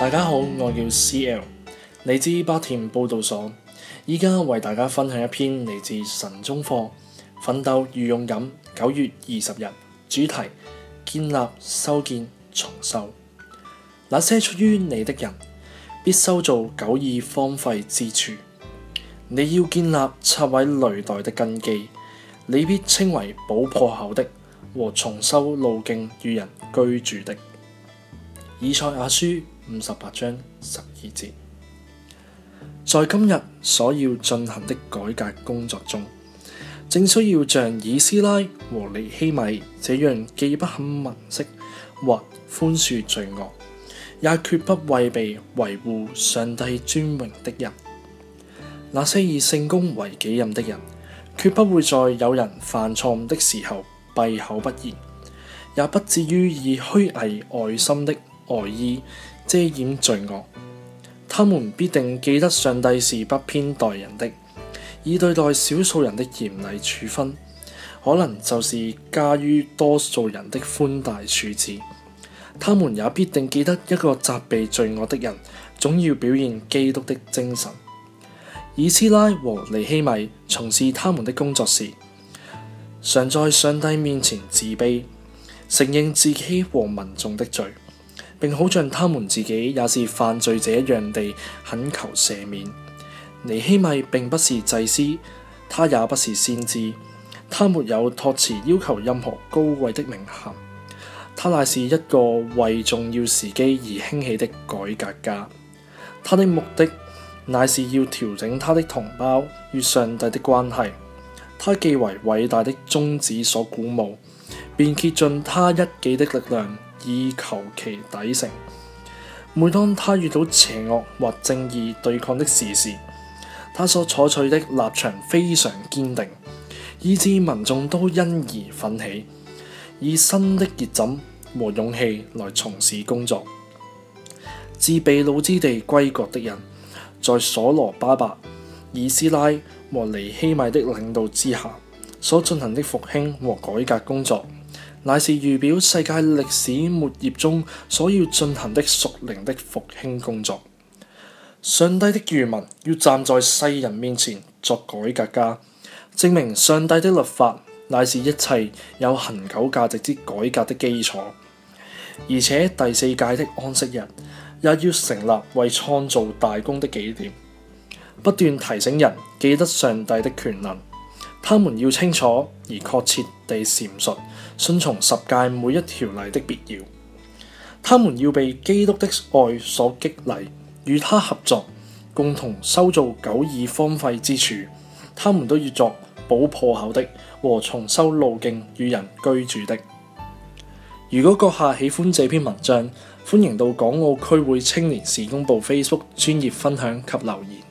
大家好，我叫 C.L.，嚟自巴田報道所，依家為大家分享一篇嚟自神中課奮鬥與勇敢九月二十日主題建立、修建、重修。那些出於你的人必修造久已荒廢之處，你要建立拆毀累代的根基，你必稱為補破口的和重修路徑與人居住的以賽亞書五十八章十二節，在今日所要進行的改革工作中，正需要像以斯拉和尼希米這樣既不肯姑息或寬恕罪惡，也絕不畏避維護上帝尊榮的人。那些以聖工為己任的人，絕不會在有人犯錯誤的時候閉口不言，也不至於以虛偽愛心的外、呃、衣遮掩罪惡，他們必定記得上帝是不偏待人的，以對待少數人的嚴厲處分，可能就是加於多數人的寬大處置。他們也必定記得一個責備罪惡的人，總要表現基督的精神。以斯拉和尼希米從事他們的工作時，常在上帝面前自卑，承認自己和民眾的罪。並好像他們自己也是犯罪者一樣地，懇求赦免。尼希米並不是祭司，他也不是先知，他沒有託詞要求任何高貴的名銜。他乃是一個為重要時機而興起的改革家。他的目的乃是要調整他的同胞與上帝的關係。他既為偉大的宗旨所鼓舞，便竭盡他一己的力量以求其底成。每當他遇到邪惡或正義對抗的時事，他所採取的立場非常堅定，以致民眾都因而奮起，以新的熱忱和勇氣來從事工作。自秘魯之地歸國的人，在所羅巴伯、以斯拉和尼希米的領導之下，所進行的復興和改革工作。乃是預表世界歷史末葉中所要進行的屬靈的復興工作。上帝的餘民要站在世人面前作改革家，證明上帝的律法乃是一切有恆久價值之改革的基礎。而且第四誡的安息日也要成立為創造大功的紀念，不斷提醒人記得上帝的權能。他們要清楚而確切地闡述順從十誡每一條例的必要。他們要被基督的愛所激勵，與他合作，共同修造久已荒廢之處。他們都要作補破口的和重修路徑與人居住的。如果閣下喜歡這篇文章，歡迎到港澳區會青年事工部 Facebook 專頁分享及留言。